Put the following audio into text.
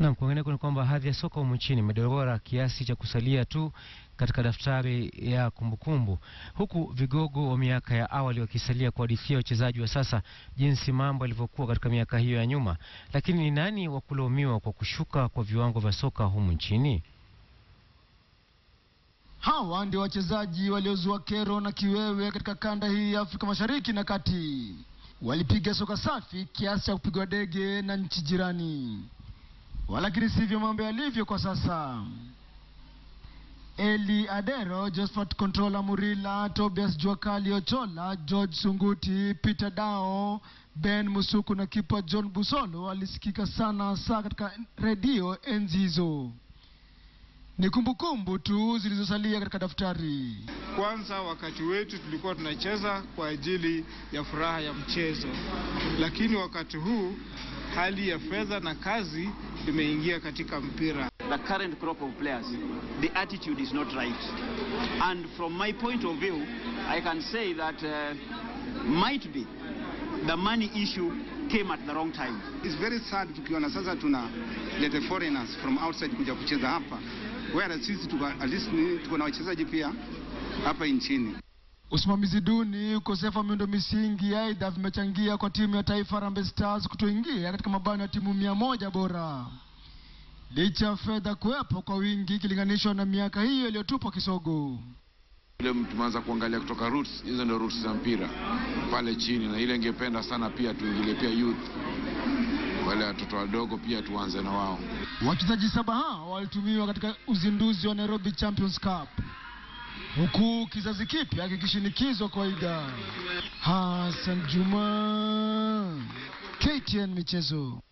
Naam, kwingineko ni kwamba hadhi ya soka humu nchini imedorora kiasi cha kusalia tu katika daftari ya kumbukumbu kumbu, huku vigogo wa miaka ya awali wakisalia kuhadithia wachezaji wa sasa jinsi mambo yalivyokuwa katika miaka hiyo ya nyuma. Lakini ni nani wa kulaumiwa kwa kushuka kwa viwango vya soka humu nchini? Hawa ndio wachezaji waliozua kero na kiwewe katika kanda hii ya Afrika Mashariki na Kati. Walipiga soka safi kiasi cha kupigwa dege na nchi jirani walakini sivyo mambo yalivyo kwa sasa. Eli Adero, Josephat Controla Murila, Tobias Juakali Ochola, George Sunguti, Peter Dao, Ben Musuku na kipa John Busolo alisikika sana saa katika redio enzi hizo. Ni kumbukumbu tu zilizosalia katika daftari. Kwanza wakati wetu tulikuwa tunacheza kwa ajili ya furaha ya mchezo, lakini wakati huu hali ya fedha na kazi imeingia katika mpira. The current crop of players, the attitude is not right. And from my point of view, I can say that uh, might be the money issue came at the wrong time. It's very sad tukiona sasa tuna let the foreigners from outside kuja kucheza hapa. Whereas sisi tuko at least tuko na wachezaji pia hapa nchini. Usimamizi duni, ukosefu wa miundo misingi aidha vimechangia kwa timu ya taifa Harambee Stars kutoingia katika mabano ya timu mia moja bora licha ya fedha kuwepo kwa wingi ikilinganishwa na miaka hiyo iliyotupwa kisogo. Ile tumeanza kuangalia kutoka roots, hizo ndio roots za mpira pale chini, na ile ingependa sana pia tuingilie pia youth wale watoto wadogo pia tuanze na wao. Wachezaji saba hao walitumiwa katika uzinduzi wa Nairobi Champions Cup huku kizazi kipya kikishinikizwa ida. Hassan Juma, KTN Michezo.